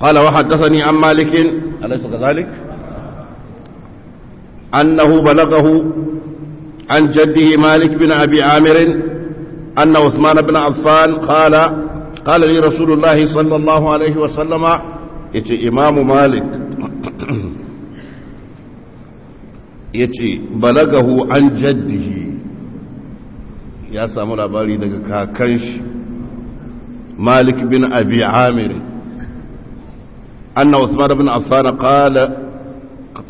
قال وحدثني عن مالك أليس كذلك أنه بلغه عن جده مالك بن أبي عامر أن عثمان بن عفان قال قال لي رسول الله صلى الله عليه وسلم يتي إمام مالك يتي بلغه عن جده يا سامو labari daga kakan shi Malik bin Abi Amir أن عثمان بن عفان قال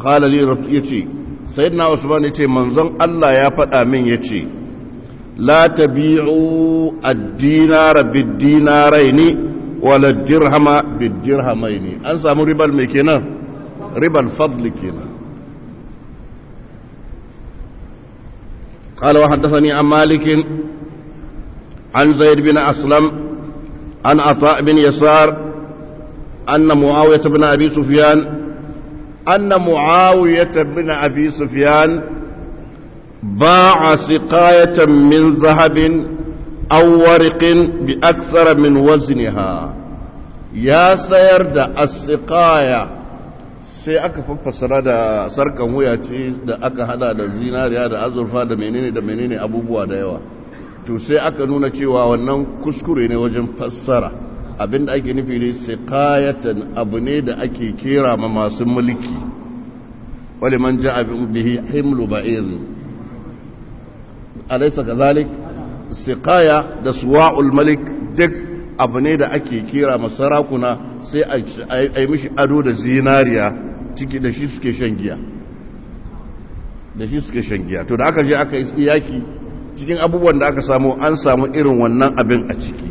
قال لي يتي سيدنا عثمان يتي منظن الله يا فدا من يتي لا تبيعوا الدينار بالدينارين ولا الدرهم بالدرهمين أنسى سامو ربا المكينة ربا الفضل كينا قال وحدثني عن مالك عن زيد بن أسلم عن عطاء بن يسار أن معاوية بن أبي سفيان أن معاوية بن أبي سفيان باع سقاية من ذهب أو ورق بأكثر من وزنها يا سير السقاية sai aka faffasara da sarkan wuya da aka hada da zinariya da azurfa da menene da menene abubuwa da yawa to sai aka nuna cewa wannan kuskure ne wajen fassara abin da ake nufi ne siqayatan abu ne da ake kera ma masu mulki Wani man ja'a bihi himlu ba'ir alaysa kazalik siqaya da suwa'ul malik duk abu ne da ake kera ma sarakuna sai a yi mishi ado da zinariya ciki da shi suke shan giya da shi suke shan giya to da aka je aka yi iyaki, cikin abubuwan da aka samu an samu irin wannan abin a ciki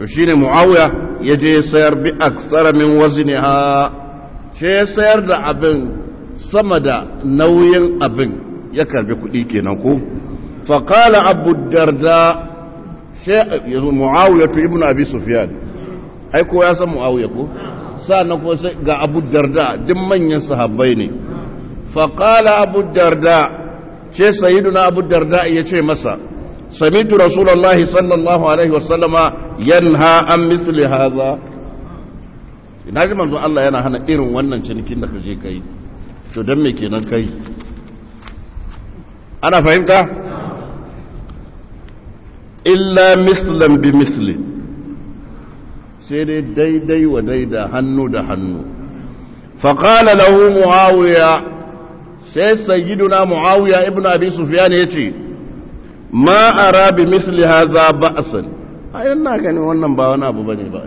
to shi ne mu'awuya ya je sayar bi aksara min ha ce sayar da abin sama da nauyin abin ya karbi kuɗi kenan ko faƙala abu darda yanzu mu'awuya to ibnu abi sufyan ai ko ya san muawiya ko sa'annan ko sai ga abu darda duk manyan sahabbai ne faƙala abu darda ce sayiduna abu darda ya ce masa سمعت رسول الله صلى الله عليه وسلم ينهى عن مثل هذا naji manzo Allah yana hana irin wannan cinikin da kaje kai to dan me kenan kai ana fahimta illa mislan bi misli sai dai daidai wa daida hannu da hannu fa qala lahu muawiya sai sayyiduna muawiya ibnu abi sufyan yace ma ara bi misli hadha ba'san ai ina ganin wannan ba wani abu bane ba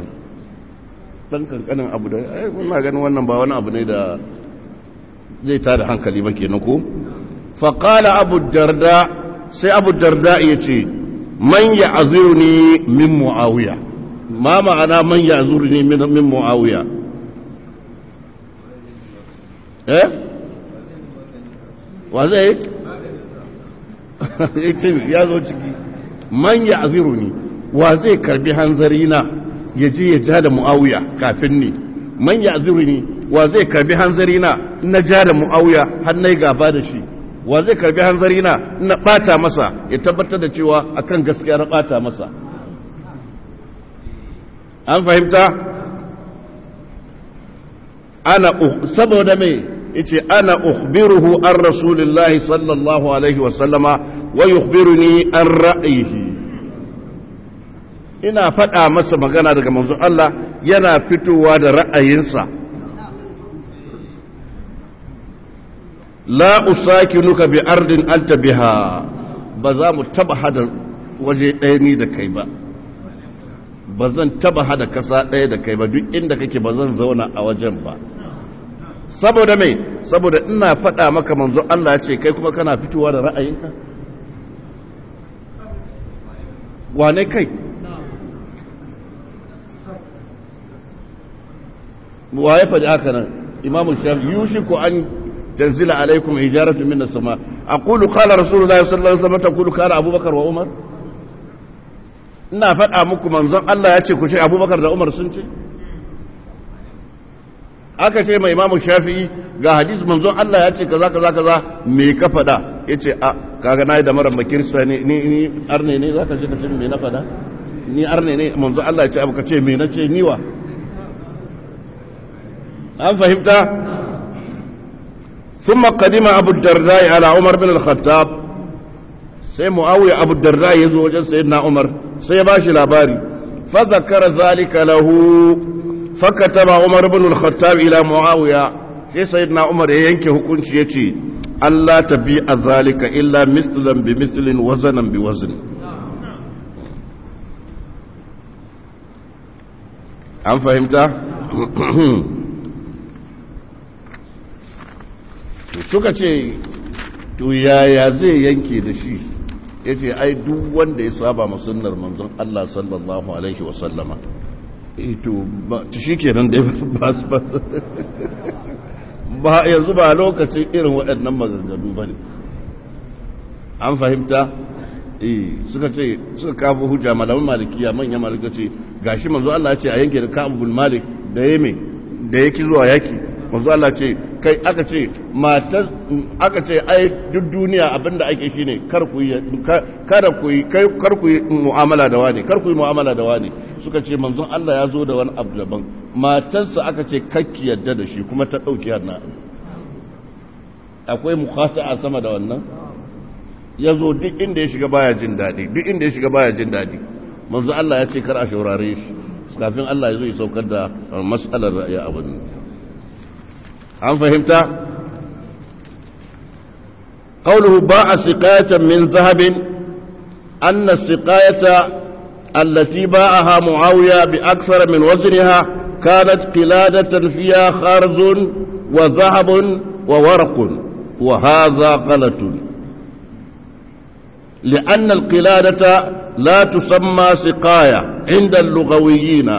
dan kankanin abu da ai ina ganin wannan ba wani abu ne da zai tada hankali ba kenan ko fa qala abu darda sai abu darda yace man ya'zuruni min muawiya ma ma'ana man ya'zuruni min muawiya eh wa zai ya zo ciki man ya aziru ni wa zai karbi hanzari na ya je ya ja da mu'awiya kafin ni man ya aziru ni wa zai karbi hanzari na na ja da mu'awiya har na gaba da shi wa zai karbi hanzari na na bata masa ya tabbatar da cewa akan gaskiya na bata masa an fahimta ana saboda mai yace ana ukhbiruhu an rasulillahi sallallahu alaihi wa sallama wa yukhbiruni an ra'yihi ina faɗa masa magana daga manzon Allah yana fitowa da ra'ayinsa la usakinuka bi ardin anta biha ba za mu taba hada waje ɗaya ni da kai ba ba zan taba hada kasa ɗaya da kai ba duk inda kake ba zan zauna a wajen ba saboda mai saboda ina faɗa maka manzo Allah ce kai kuma kana fitowa da ra'ayinka wane kai wa ya faɗi haka nan imamu shaf yushiku an tanzila alaikum hijaratu min as-sama aqulu qala rasulullah sallallahu alaihi wasallam taqulu kana abubakar wa umar ina faɗa muku manzon Allah ya ce ku ce abubakar da umar sun ce aka ce mai imamu shafi'i ga hadis manzon Allah ya ce kaza kaza kaza me ka fada yace a kaga nayi da maran makirsa ne ni ni arne ne zaka ce ka ce me na fada ni arne ne manzon Allah ya ce abu ka ce me na ce niwa an fahimta ثم قدم أبو الدرداء على عمر بن الخطاب سي معاوية أبو الدرداء يزوج سيدنا عمر سي باشي لاباري فذكر ذلك lahu. فكتب عمر بن الخطاب ila Muawiya, sai sayyidina Umar ya yanke hukunci yace Allah ta tabi azalika illa mislan bi mislin wazanan bi wazn an fahimta suka ce to yaya zai yanke da shi yace ai duk wanda ya saba ma sunnar manzon Allah sallallahu alaihi wasallama ito eh, shi kenan da ba su ba ba yanzu ba lokacin irin waɗannan maganganu ba ne an fahimta eh, suka ce suka kafa hujja malamin malikiya manyan malika ce gashi manzo Allah ce a yanke da ka'abul malik da ya mai da ya ki zuwa yaki manzo Allah ce kai aka ce mata aka ce ai duk duniya abinda ake shine kar ku kada ku kai kar ku mu'amala da wani kar ku mu'amala da wani suka ce manzon Allah ya zo da wani abu daban matarsa aka ce kakki yadda da shi kuma ta dauki hannu akwai a sama da wannan ya zo duk inda ya shiga baya jin daɗi duk inda ya shiga baya jin daɗi manzon Allah ya ce kar a shaurare shi kafin Allah ya zo ya saukar da mas'alar ya abin هل فهمت قوله باع سقاية من ذهب أن السقاية التي باعها معاوية بأكثر من وزنها كانت قلادة فيها خرز وذهب وورق وهذا غلط لأن القلادة لا تسمى سقاية عند اللغويين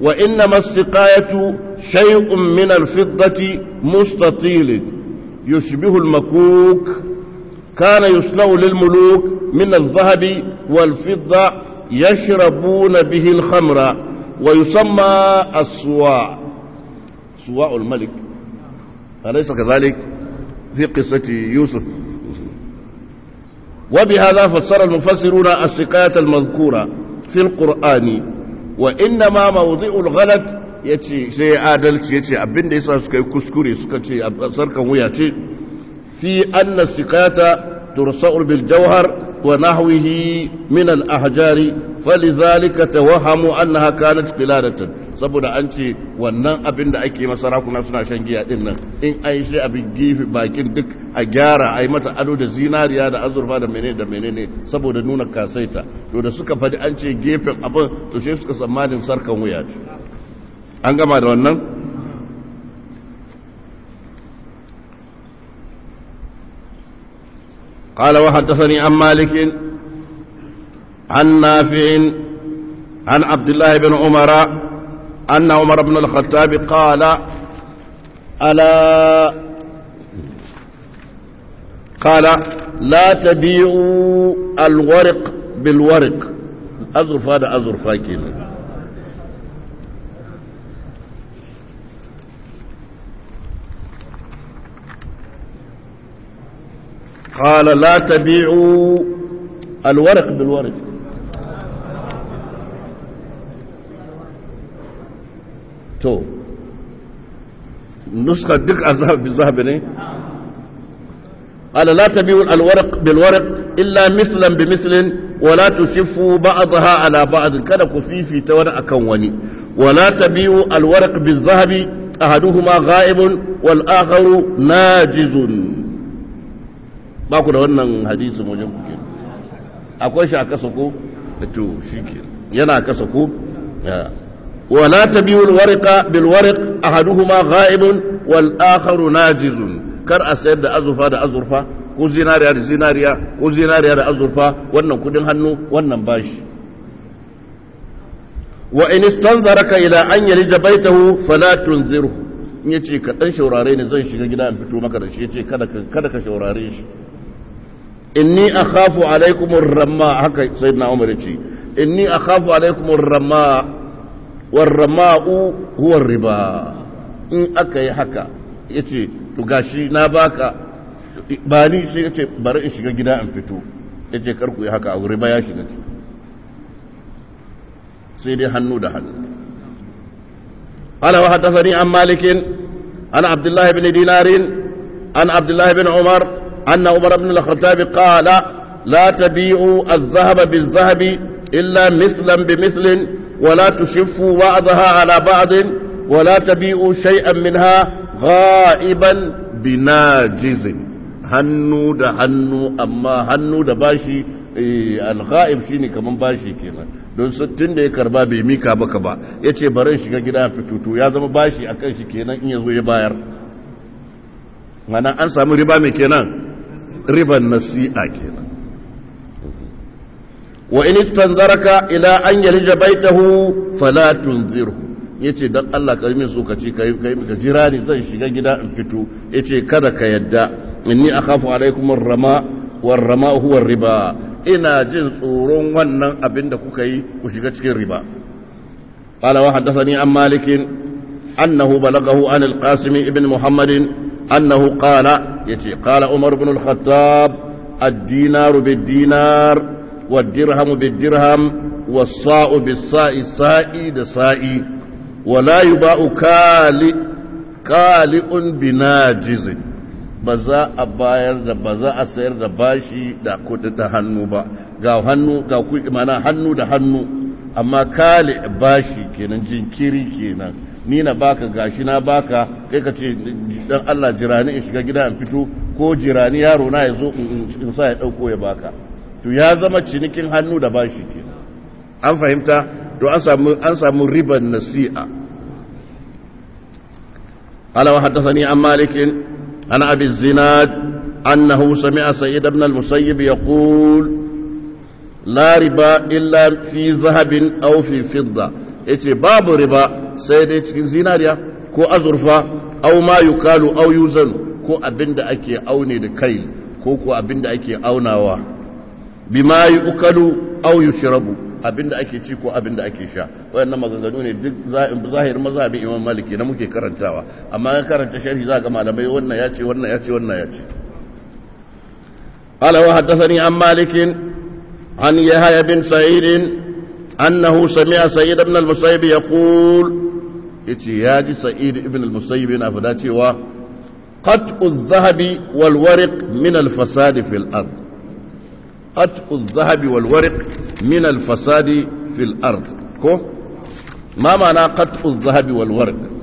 وإنما السقاية شيء من الفضة مستطيل يشبه المكوك كان يصنع للملوك من الذهب والفضة يشربون به الخمر ويسمى الصواع صواع الملك أليس كذلك في قصة يوسف وبهذا فسر المفسرون السقاية المذكورة في القرآن وإنما موضع الغلط ya ce sai ya adalci ya ce abinda ya sa suka yi kuskure suka ce a sarkan wuya ce fi anna sikata tursa'ul bil jawhar ta من الأحجار na ta أنها كانت قلادة saboda an ce wannan abin da ake masarakuna suna shan giya din nan in an shi abin gifi bakin duk a gyara a yi mata ado da zinariya da azurfa da menene da menene saboda nuna kasaita to da suka faɗi an ce gefen abin to sai suka tsammanin sarkan wuya ce an gama da wannan قال وحدثني عن مالك عن نافع عن عبد الله بن عمر أن عمر بن الخطاب قال ألا قال لا تبيعوا الورق بالورق اظرف هذا أزرفا كينا قال لا تبيعوا الورق بالورق تو نسخة دك الذهب بالذهب نعم قال لا تبيعوا الورق بالورق إلا مثلا بمثل ولا تشفوا بعضها على بعض كان في في تونا أكوني ولا تبيعوا الورق بالذهب أحدهما غائب والآخر ناجز ba ku da wannan hadisi wajen ku ke. akwai shi a kasa ko eh, to shi ke. yana kasa ko ولا تبيع الورق بالورق أحدهما غائب والآخر ناجز كر أسير da azurfa da azurfa ko zinariya da zinariya ko zinariya da azurfa wannan kudin hannu wannan bashi wa in istanzaraka ila an yalija baitahu fala tunziru in yace ka dan shaurare ne zan shiga gida in fito maka da shi yace kada ka kada ka shaurare shi inni akhafu alaikum ramma haka na umar yace inni a alaikum ramma war rama'u huwar riba in aka yi haka yace to gashi na baka ba ni sai ce bari in shiga gida in fito ya kar ku yi haka a riba ya shiga sai dai hannu da hannu قال wa عن مالك an malikin الله abdullahi bin dinarin عبد abdullahi bin umar أن عمر بن الخطاب قال لا تبيعوا الذهب بالذهب إلا مثلا بمثل ولا تشفوا بعضها على بعض ولا تبيعوا شيئا منها غائبا بناجز hannu da hannu amma hannu da bashi algha'ib shine kaman bashi kenan don tun da ya karba bai mika baka ba yace barin shiga gida fitutu ya zama bashi akan shi kenan in yazo ya bayar mana an samu riba mai kenan riban nasi'a kenan wa in istanzaraka ila an yalija baitahu fala tunzirhu yace dan Allah ka min so ka ci kai kai ka jira ni zan shiga gida in fito yace kada ka yadda inni akhafu alaikum ar-rama war-rama huwa riba ina jin tsoron wannan abin da kuka yi ku shiga cikin riba qala wa haddathani an malikin annahu balagahu an al-qasim ibn muhammadin أنه قال يتي قال عمر بن الخطاب الدينار بالدينار والدرهم بالدرهم والصاء بالصاء سائي دسائي ولا يباع كالئ كالئ بناجز ba za a bayar da ba za a sayar da bashi da kudi ta hannu ba ga hannu ga hannu da hannu amma kale bashi kenan jinkiri kenan ni na baka gashi na baka kai ka ce dan Allah jirani in shiga gida in fito ko jirani yaro na ya zo in sa ya dauko ya baka to ya zama cinikin hannu da bashi kenan an fahimta to an samu an samu riban nasi'a قال an عن مالك abi zinad annahu sami'a sayyid ibn al-musayyib yaqul la riba illa fi zahabin aw fi fidda. ce babu riba sai dai cikin zinariya ko azurfa au ma yukalu au yuzanu ko abinda ake aune da kai ko ko abinda ake aunawa bima yukalu au yushrabu abinda ake ci ko abinda ake sha wayannan maganganu ne duk zahir mazhabin Imam Maliki na muke karantawa amma ga karanta sharhi za ga malamai wannan ya ce wannan ya ce wannan ya ce قال وحدثني عن مالك عن يحيى بن سعيد أنه سمع سيد بن المسيب يقول إتياج سيد بن المسيب نافداتي و قطع الذهب والورق من الفساد في الأرض قطع الذهب والورق من الفساد في الأرض كو ما معنى قطع الذهب والورق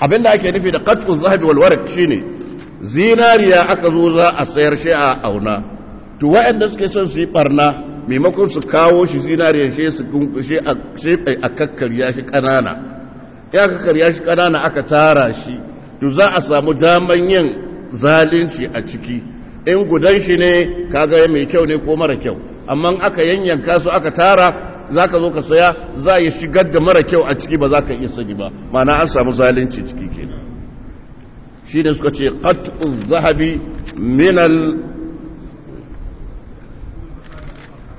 abinda ake nufi da qat'u zahabi wal warq shine zinariya aka zo za a sayar shi a auna to wa'anda suke son su yi barna maimakon su kawo shi zinariya shi su kunkushe a kakkarya shi kanana ya kakkarya shi kanana aka tara shi to za a samu daman yin zalunci a ciki in gudan shi ne kaga mai kyau ne ko mara kyau amma aka yanyanka su aka tara zaka zo ka saya za ya shigar da mara kyau a ciki ba za ka iya sagi ba mana an samu zalunci ciki kenan shi da suka ce qat'u zahabi minal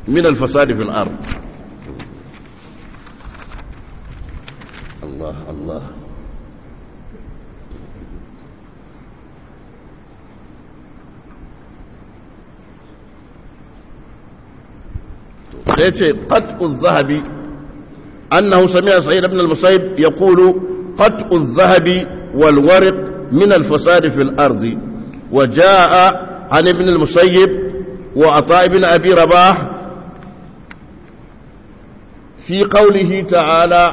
minal fasadi fil ard Allah Allah سيتي قطع الذهب أنه سمع سعيد بن المسيب يقول قطع الذهب والورق من الفساد في الأرض وجاء عن ابن المسيب وعطاء بن أبي رباح في قوله تعالى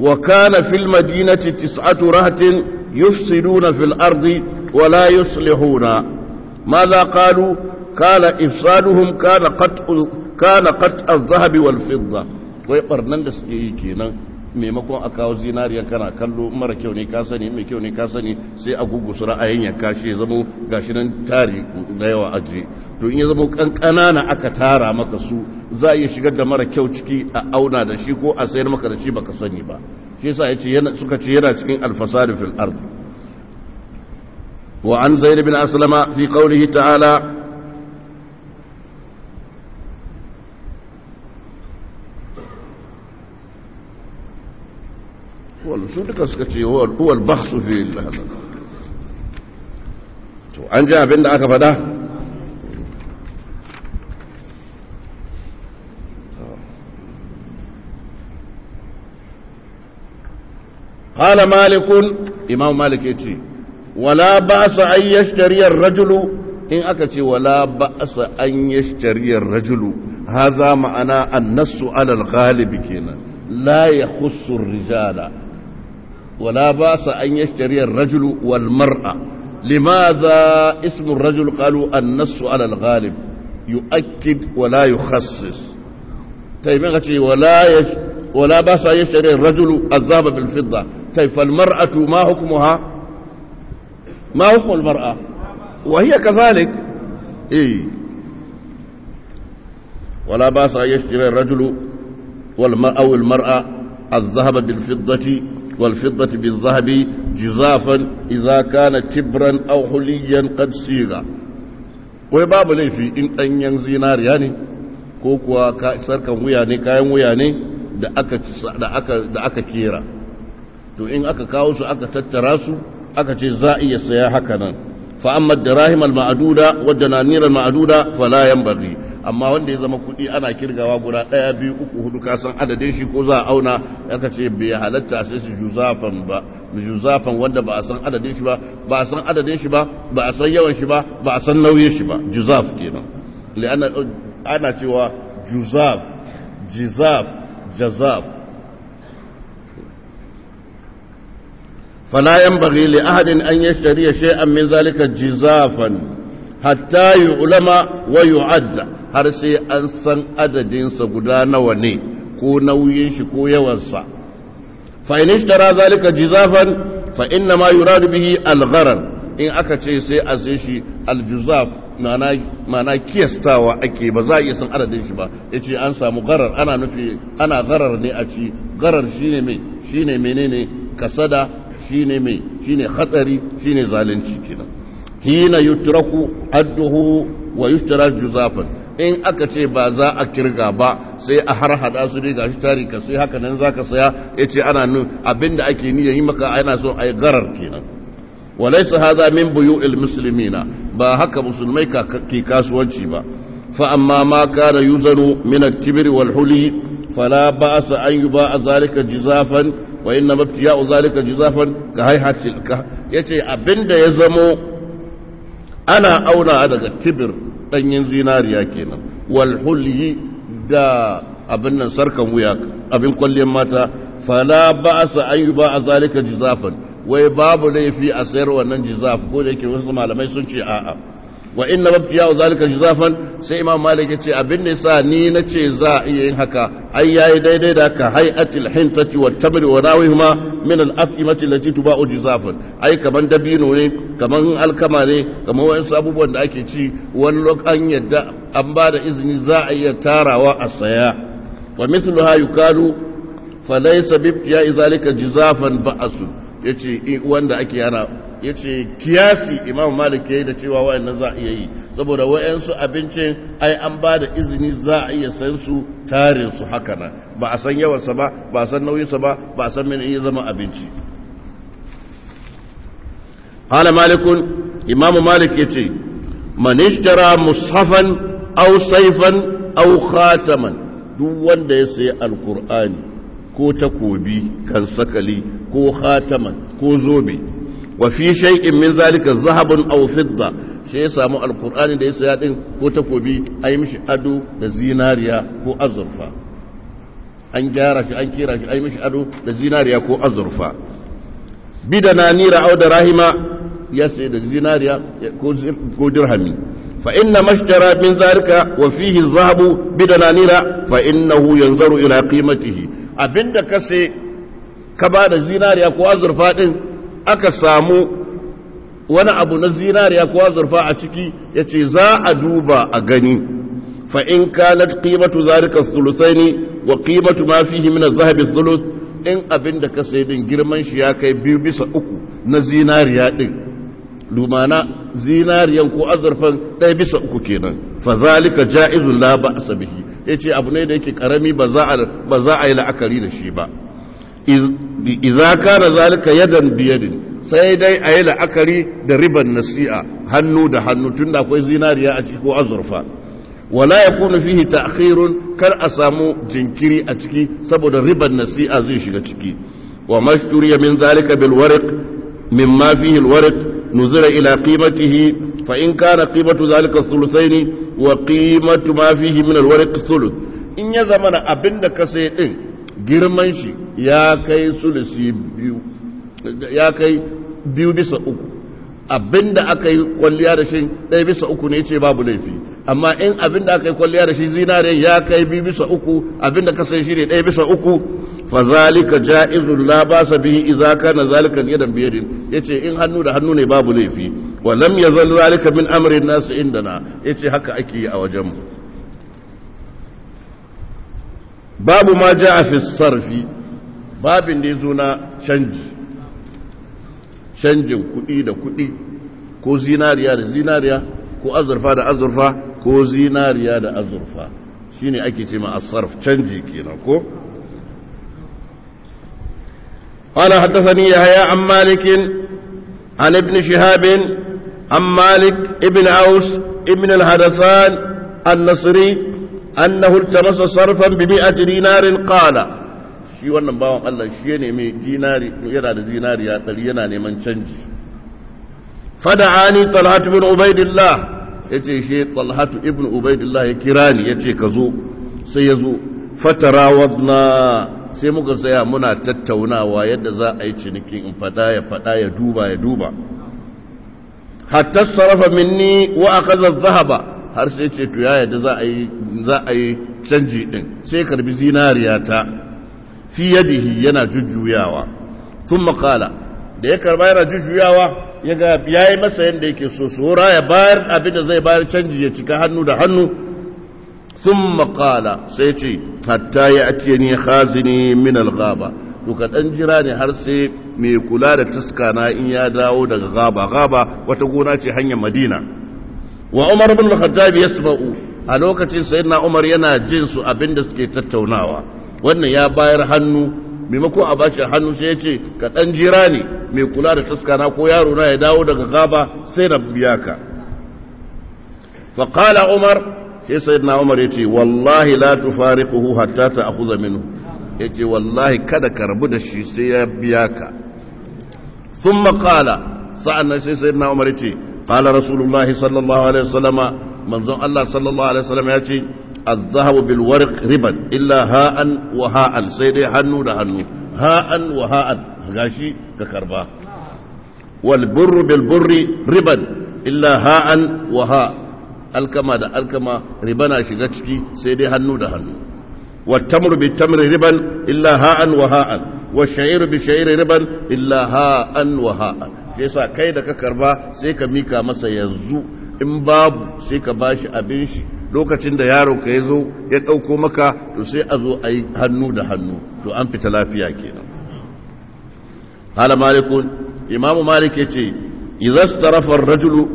وكان في المدينة تسعة رهط يفسدون في الأرض ولا يصلحون ماذا قالوا kana ifsaduhum kana qat'u kana zahabi wal fidda wai barnan da suke yi kenan maimakon a kawo zinariya kana kallo mara kyau ne ka sani mai kyau ne ka sani sai a su ra'ayin ya kashi ya zamo gashi nan tari yawa aje to in ya zamo kankana na aka tara maka su za a iya shigar da mara kyau ciki a auna da shi ko a sayar maka da shi baka sani ba shi yasa yace yana suka ce yana cikin alfasad fil ard wa an zaid bin aslama fi qawlihi ta'ala su duka suka ce huwar ba su fi to an ji abin da aka fada hala malikun imam malik ya ce wala ba su ayyash shari'ar rajulu in aka ce wala ba su ayyash shari'ar rajulu haza ma'ana annasu alal galibi kenan la ya husu rijala ولا باس أن يشتري الرجل والمرأة لماذا اسم الرجل قالوا النص على الغالب يؤكد ولا يخصص طيب ولا يش... ولا باس أن يشتري الرجل الذهب بالفضة طيب فالمرأة ما حكمها ما حكم المرأة وهي كذلك إيه ولا باس أن يشتري الرجل والمرأة أو المرأة الذهب بالفضة والفضة بالذهب جزافا إذا كان تبرا Ahuliyan, حليا Wai babu laifi in ɗanyen zinariya ne? Ko kuwa كوكوا سركن ويا ني كاين ويا ني da aka kera to in aka kawo su aka tattara su aka ce za a iya saya haka nan fa amma dirahim al ma'duda wa dananir al ma'duda fala amma wanda ya zama kuɗi ana kirgawa guda ɗaya biyu uku hudu kasan adadin shi ko za a auna ya ce bai halatta sai su juzafan ba juzafan wanda ba a san adadin shi ba ba a san adadin shi ba ba a san yawan shi ba ba a san nauyin shi ba juzaf kenan li'anna ana cewa juzaf jizaf jazaf فلا ينبغي لأحد أن يشتري شيئا من ذلك جزافا حتى يعلم ويعد har sai an san adadinsa guda nawa ne ko nauyin shi ko yawansa fa'in ishtara zalika jizafan fa inna ma yuradu bihi algharan in aka ce sai a sai shi al-juzaf mana kiyastawa ake ba za a iya san adadin shi ba ya ce an samu garar ana nufi ana garar ne a ci garar shi ne mai shi ne menene kasada shi ne mai shi ne hatsari shi ne zalunci kina hina yutraku adduhu wa yuftara juzafan in aka ce ba za a kirga ba sai a har hada su ne gashi tarika sai haka nan zaka saya yace ana nun abinda ake niyya yi maka ana so ai garar kenan walaysa hadha min buyu'il muslimina ba haka musulmai ka ke kasuwanci ba fa amma ma kana yuzanu min at-tibri wal huli fala ba'sa an a zalika jizafan wa inna mabtiya'u zalika jizafan ka hayhatil ka yace abinda ya zamo ana auna daga tibir ɗanyen zinariya kenan wal da abin nan sarkan wuya abin kwalliyar mata fala ba su an yi ba a zalika jizafan wai babu laifi a sayar wannan jizaf ko da yake wasu malamai sun ce a'a wa inna rabbiya wa zalika juzafan sai imam malik yace abin da sa ni nace za a iya yin haka ai yayi daidai da ka hay'atil hintati wa tabri wa rawihuma min al allati tuba'u juzafan ai kaman dabino ne kaman alkama ne kaman wani abubuwan da ake ci wani lokacin yadda an ba da izini za a iya tarawa a saya wa mithluha yukalu falaysa bi ibtiya'i zalika juzafan ba'asu yace wanda ake yana ya ce kiyasi imam malik ya yi da cewa wa'annan za a iya yi saboda wa'ansu abincin ai an ba da izini za a iya san su tarin su haka nan ba a san yawansa ba ba a san nauyinsa ba ba a san mini zama abinci hala malikun Imam malik ya ce manishtara musafan au saifan au khataman duk wanda ya sayi alkur'ani ko takobi kan sakali ko khataman ko zobe wa fi shay'in min zalika zahabun aw fidda shi ya samu alqur'ani da ya saya din ko takobi ayi mishi ado da zinariya ko azurfa an gyara shi an kira shi ayi mishi ado da zinariya ko azurfa bidana nira aw da rahima ya sai da zinariya ko dirhami min zalika wa fihi zahabu bidana nira fa innahu yanzaru ila qimatihi abinda ka sai ka ba da zinariya ko azurfa din aka samu wani abu na zinariya ko azurfa a ciki ya ce za a duba a gani fa in kanat qimatu zalika thuluthaini wa qimatu ma fihi min adh-dhahab in abin da ka sai din girman shi ya kai biyu bisa uku na zinariya din lumana zinariyan ko azurfan ɗaya bisa uku kenan fa zalika ja'izun la ba'sa bihi yace abu ne da yake karami ba za a ba za a yi la'akari da shi ba iza kana zalika yadan biyadin sai dai a yi la'akari da riban nasi'a hannu da hannu tun da akwai zinariya a ciki ko azurfa wala ya kuna fihi ta'khirun kar a samu jinkiri a ciki saboda riban nasi'a zai shiga ciki wa mashturiya min zalika bil warq mimma fihi al warq nuzira ila qimatihi fa in kana qimatu zalika thuluthaini wa qimatu ma fihi min al warq in ya zamana abinda ka sai din girman shi ya kai sulusi biyu ya kai biyu bisa uku abinda aka yi kwalliya da shi ɗaya bisa uku ne ce babu laifi amma in abinda aka yi kwalliya da shi zinare ya kai biyu bisa uku abinda ka sai shi ne ɗaya bisa uku fa zalika ja'izun la basa bihi idza kana zalika yadan biyadin yace in hannu da hannu ne babu laifi wa lam yazal zalika min amri an-nas indana yace haka ake yi a wajen babu ma ja'a fi sarfi babin da ya zo na canji canjin kuɗi da kuɗi ko zinariya da zinariya ko azurfa da azurfa ko zinariya da azurfa Shi ne ake ce ma'asarf canji kenan ko قال حدثني يحيى عن مالك عن ابن شهاب عن مالك ابن عوس ابن الهدثان النصري أنه التمس صرفا بمئة دينار قال shi wannan bawan Allah shi ya nemi dinari yana da zinariya ɗari yana neman canji fada'ani talhatu bin ubaidillah ya ce shi talhatu ibn ubaidillah ya kira ni ya ce ka zo sai ya zo wadna sai muka tsaya muna tattaunawa yadda za a yi cinikin in fada ya fada ya duba ya duba hatta sarrafa minni wa akaza zahaba har sai ce to ya yadda za a yi canji din sai karbi zinariya ta fi yadihi yana jujjuyawa sun makala da ya karba yana jujjuyawa ya yi masa yadda yake so sora ya bayar abin da zai bayar canji ya cika hannu da hannu Sun makala sai ce hatta ya atiyani khazini min al to ka dan jira ne har sai mai kula da taska na in ya dawo daga gaba gaba wata gona ce hanyar madina wa umar bin al-khattab yasma'u a lokacin sayyidina umar yana jin su abinda suke tattaunawa wannan ya bayar hannu maimakon a bashi hannu sai ya ce ka ɗan jira ne mai kula da taskana ko yaro na ya dawo daga gaba sai na biya ka faƙala umar sai sai na umar ya ce wallahi la tufariquhu hatta ta'khudha minhu ya ce wallahi kada ka rabu da shi sai ya biya ka thumma qala sa'annan sai sai na umar ya ce qala rasulullahi sallallahu alaihi wasallama manzon Allah sallallahu alaihi wasallama ya ce الذهب بالورق ربا إلا هاء وهاء سيدي هنو لهنو هاء وهاء غاشي ككربا والبر بالبر ربا إلا هاء وهاء الكما دا الكما ربنا شغتشكي سيدي هنو لهنو والتمر بالتمر ربا إلا هاء وهاء والشعير بالشعير ربا إلا هاء وهاء شيسا كيدا ككربا سيكا ميكا مسا يزو in babu sai ka bashi abin shi lokacin da yaro ka ya zo ya ɗauko maka to sai a zo a yi hannu da hannu to an fita lafiya kenan hala malikun imamu malik ya ce idan tarafar rajulu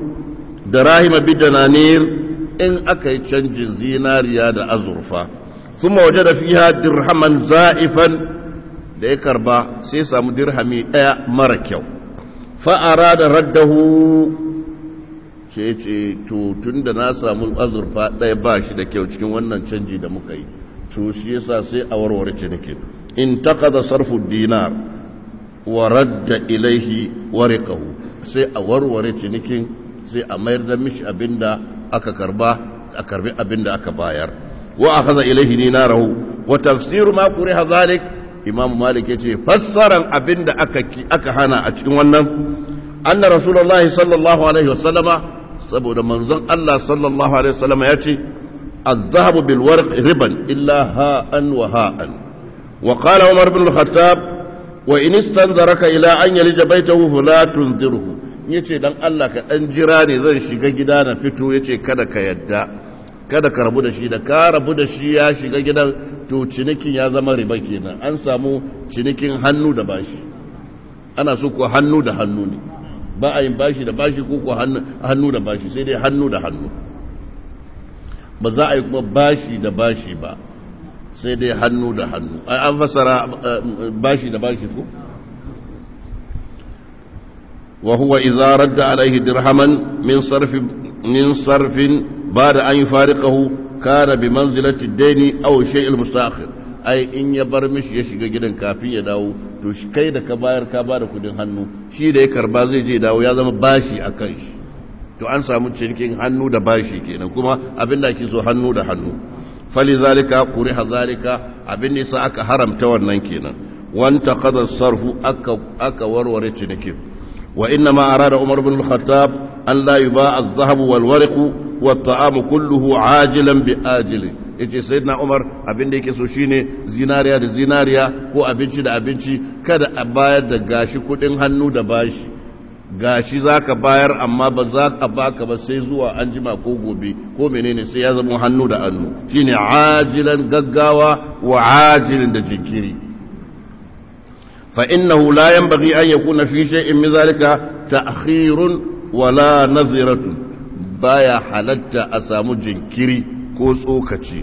da rahima bi nanir in aka yi canjin zinariya da azurfa sun waje da fiha dirhaman za'ifan da ya karba sai samu dirhami ɗaya mara kyau fa'ara da raddahu ce ce to tun da na samu azurfa ɗaya ba shi da kyau cikin wannan canji da muka yi to shi yasa sai a warware cinikin in kada sarfu dinar wa radda ilaihi warqahu sai a warware cinikin sai a mayar da mishi abinda aka karba a karbi abinda aka bayar wa akhadha ilaihi dinarahu wa tafsir ma kuriha zalik imam malik yace fassaran abinda aka aka hana a cikin wannan anna rasulullahi sallallahu alaihi wasallama saboda manzon Allah sallallahu alaihi wasallam ya ce الذهب بالورق ربا Umar bin وهاء وقال عمر بن ila وإن استنذرك إلى أن يلج بيته فلا Ya yace dan Allah ka dan jira ne zan shiga gida na fito yace kada ka yadda kada ka rabu da shi da ka rabu da shi ya shiga gidan to cinikin ya zama riba kenan an samu cinikin hannu da bashi ana so ko hannu da hannu ne ba a yin bashi da bashi ko ko hannu da bashi sai dai hannu da hannu ba za a yi kuma bashi da bashi ba sai dai hannu da hannu an fasara bashi da bashi ko wa huwa idza radda alayhi dirhaman min sarf min من ba da an بعد أن يفارقه كان بمنزلة daini aw shay'il المستأخر ai in ya bar mishi ya shiga gidan kafin ya dawo to shi kai da ka bayar ka bada kudin hannu shi da ya karba zai je dawo ya zama bashi a kan shi to an samu cinikin hannu da bashi kenan kuma abin da ake so hannu da hannu fali zalika kuriha zalika abin nisa aka haramta wannan kenan wanta qadar sarfu aka warware cinikin wa inna ma arada umar ibn al-khattab an la yuba adh-dhahab wal-warq at taam kulluhu ajilan bi ajilin sai na Umar abinda yake so shine zinariya da zinariya ko abinci da abinci kada a bayar da gashi kudin hannu da bashi gashi za ka bayar amma ba za ka baka ba sai zuwa an jima ko gobe ko menene sai ya zama hannu da hannu shine ajilan gaggawa wa ajilin da jinkiri fa innahu la yanbaghi an yakuna fi shay'in min zalika ta'khirun wala naziratu baya halatta a samu jinkiri ko tsokaci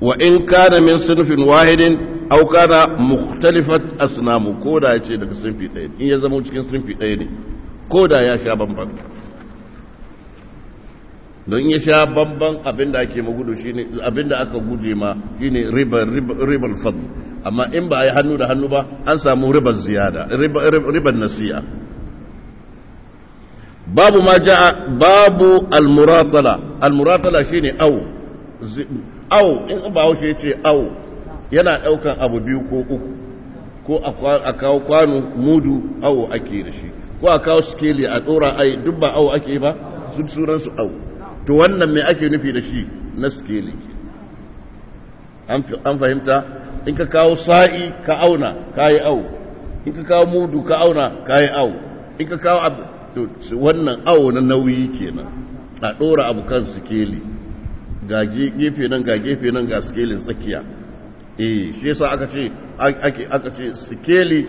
wa in kana min sunfin wahidin aw kana mukhtalifat asnamu ko da yace daga sunfi ɗaya in ya zama cikin sunfi ɗaya ne ko da ya sha bamban don ya sha bamban abinda ake magudu shine abinda aka gude ma shine riba riba fadl amma in ba a yi hannu da hannu ba an samu ribar ziyada ribar nasiya babu ma ja'a babu al-muratala al-muratala shine aw zidu au in ba haushe ce au yana daukan abu biyu ko uku ko a kawo kwano mudu au ake da shi ko a kawo skeli a ɗora ai duk ba au ake ba sun su au to wannan mai ake nufi da shi na skeli an fahimta in ka kawo sa'i ka auna ka yi awo in ka kawo mudu ka auna ka yi awo in ka kawo abu wannan au na nauyi kenan a ɗora abu kan sikeli ga gefe nan ga gefe nan ga sikelin tsakiya eh shi yasa aka ce aka ce skeli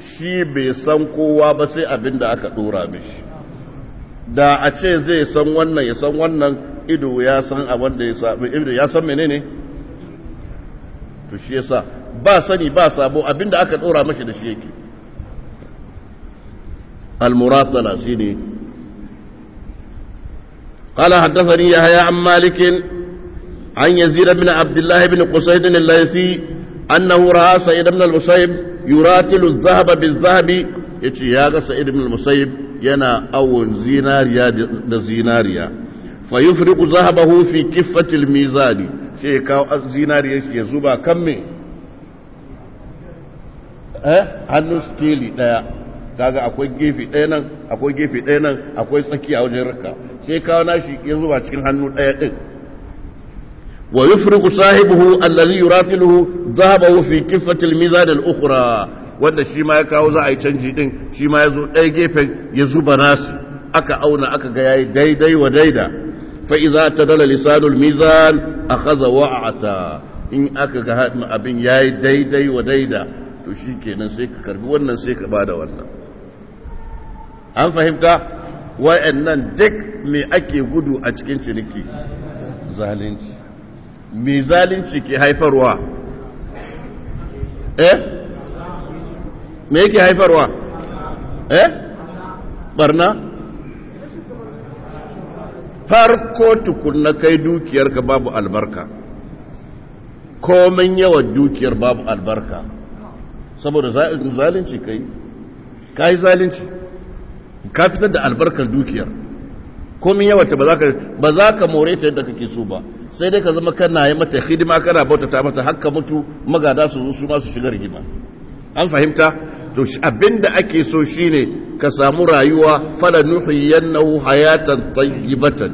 shi bai san kowa ba sai abin da aka dora mishi da a ce zai san wannan ya san wannan ido ya san abin da ya sabu ido ya san menene to shi yasa ba sani ba sabo abin da aka dora mishi da shi yake المراطلة سيدي قال حدثني يحيى عن مالك عن يزيد بن عبد الله بن قصيد الليثي أنه رأى سيد بن المسيب يراتل الذهب بالذهب يتي يا سيد بن المسيب ينا أو زيناريا زيناريا فيفرق ذهبه في كفة الميزان شيء كاو زيناريا يزوبا كمي eh hannun skeli daya kaga akwai gefe ɗaya nan akwai gefe ɗaya nan akwai tsakiya wajen rika sai kawo nashi ya zuba cikin hannu ɗaya ɗin ويفرق صاحبه الذي يرافله ذهبه في كفة الميزان الأخرى wanda shi ma ya kawo za a yi canji din shi ma ya zo ɗaya gefen ya zuba nasu. aka auna aka ga yayi daidai wa daida fa iza tadala lisanul mizan kaza wa'ata in aka ga hadin abin yayi daidai wa daida to shi kenan sai ka karbi wannan sai ka bada wannan an fahimta wa'annan duk me ake gudu a cikin ciniki zalunci mai zalunci ke haifarwa eh me yake haifarwa eh barna farko tukunna kai dukiyarka babu albarka komen yawan dukiyar babu albarka saboda zalunci kai ka yi zalunci ka fitar da albarkar dukiyar komin yawata ba za ka more ta yadda kake so ba sai dai ka zama kana yi mata hidima kana bautata mata hakka mutu magada su zo su ma su shiga rigima an fahimta to abinda ake so shine ka samu rayuwa fala nuhiyannahu hayatan tayyibatan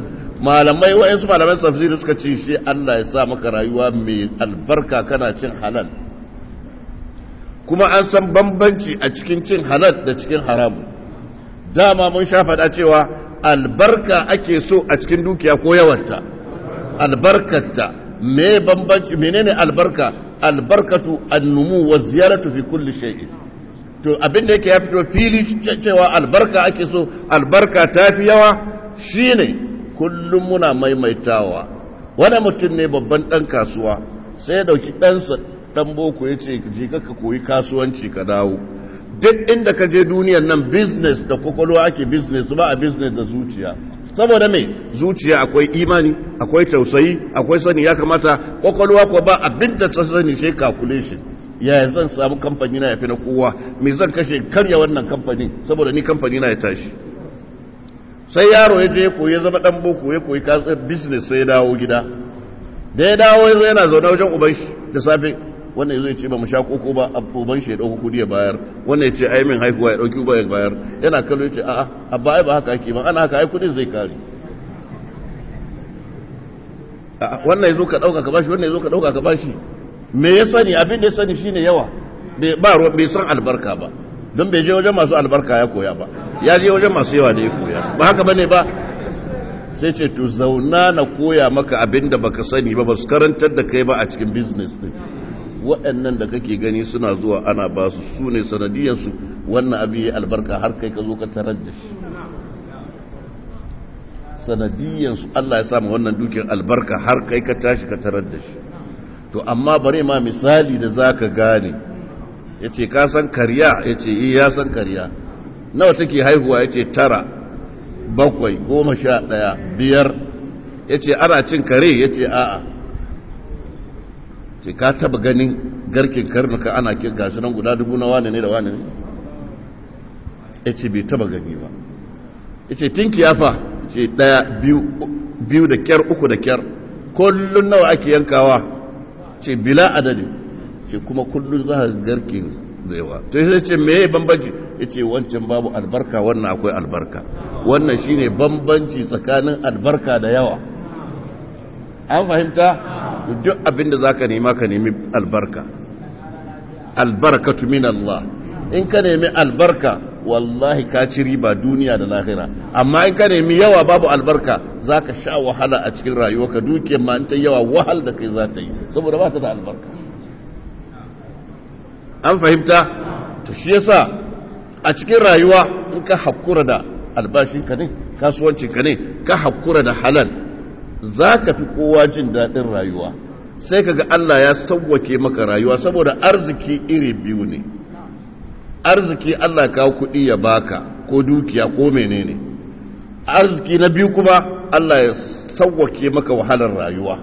malamai wayansu malamai tafsiri suka ce shi Allah ya sa maka rayuwa mai albarka kana cin halal kuma an san bambanci a cikin cin halal da cikin haram. dama mun sha faɗa cewa albarka ake so a cikin dukiya ko yawanta Albarkata, me bambanci menene albarka albarkatu annumu wa ziyaratu fi kulli shay'in to abin da yake ya fito fili cewa albarka ake so albarka ta fi yawa shine kullum muna maimaitawa wani mutum ne babban dan kasuwa sai ya dauki ɗansa dan boko ya ce je ka koyi kasuwanci ka dawo duk inda ka je duniyar nan business da kwakwalwa ake business ba a business da zuciya saboda mai zuciya akwai imani akwai tausayi akwai sani ya kamata kwakwalwa ko ba abin da ta sani sai calculation yaya zan samu kamfani na ya fi na kowa mai zan kashe karya wannan kamfani saboda ni kamfani na ya tashi sai yaro ya je koyi zama dan boko ya koyi business sai ya dawo gida da ya dawo yana zaune wajen uban da safe wannan zai ce ba mu sha koko ba abuban shi ya dauko kudi ya bayar wannan ya ce ai min haihuwa ya dauki ba ya bayar yana kallo ya ce a'a abba ai ba haka ake ba ana haka ai kudi zai kare wannan zo ka dauka ka bashi wannan zo ka dauka ka bashi me ya sani abin da ya sani shine yawa ba ruwa bai san albarka ba don bai je wajen masu albarka ya koya ba ya je wajen masu yawa ne ya koya ba haka bane ba sai ce to zauna na koya maka abin da baka sani ba ba su karantar da kai ba a cikin business din waɗannan da kake gani suna zuwa ana ba su su ne sanadiyarsu wannan abin yi albarka har kai ka zo ka tarar da shi sanadiyarsu Allah ya samu wannan dukiyar albarka har kai ka tashi ka tarar da shi to amma bare ma misali da za ka gane ya ce ka san karya ya ce yi eh, ya san karya nawa take haihuwa ya ce tara bakwai goma sha ɗaya biyar ya ce ana cin kare ya ce a'a ce ka taba ganin garkin karnuka ana kin gasu nan guda dubu na wane ne da wane ne ya ce bai taba gani ba ya ce ya fa ce ɗaya biyu da kyar uku da kyar kullum nawa ake yankawa ce bila adadi ce kuma kullum za a garkin zaiwa to sai ce me ya bambanci ya ce wancan babu albarka wannan akwai albarka wannan shine bambanci tsakanin albarka da yawa an fahimta duk abinda za ka nema ka nemi albarka albarkatu min Allah in ka nemi albarka wallahi ka ci riba duniya da lahira amma in ka nemi yawa babu albarka za ka sha wahala a cikin rayuwarka dukiyar ma in ta yawa wahal da kai za ta yi saboda ba ta da albarka an fahimta ta shi yasa a cikin rayuwa in ka hakura da albashinka ne kasuwancinka ne ka hakura da halal za ka fi kowa jin daɗin rayuwa sai kaga Allah ya sauwake maka rayuwa saboda arziki iri biyu ne arziki Allah kawo kuɗi ya baka ko dukiya ko menene arziki na biyu kuma Allah ya sauwake maka wahalar rayuwa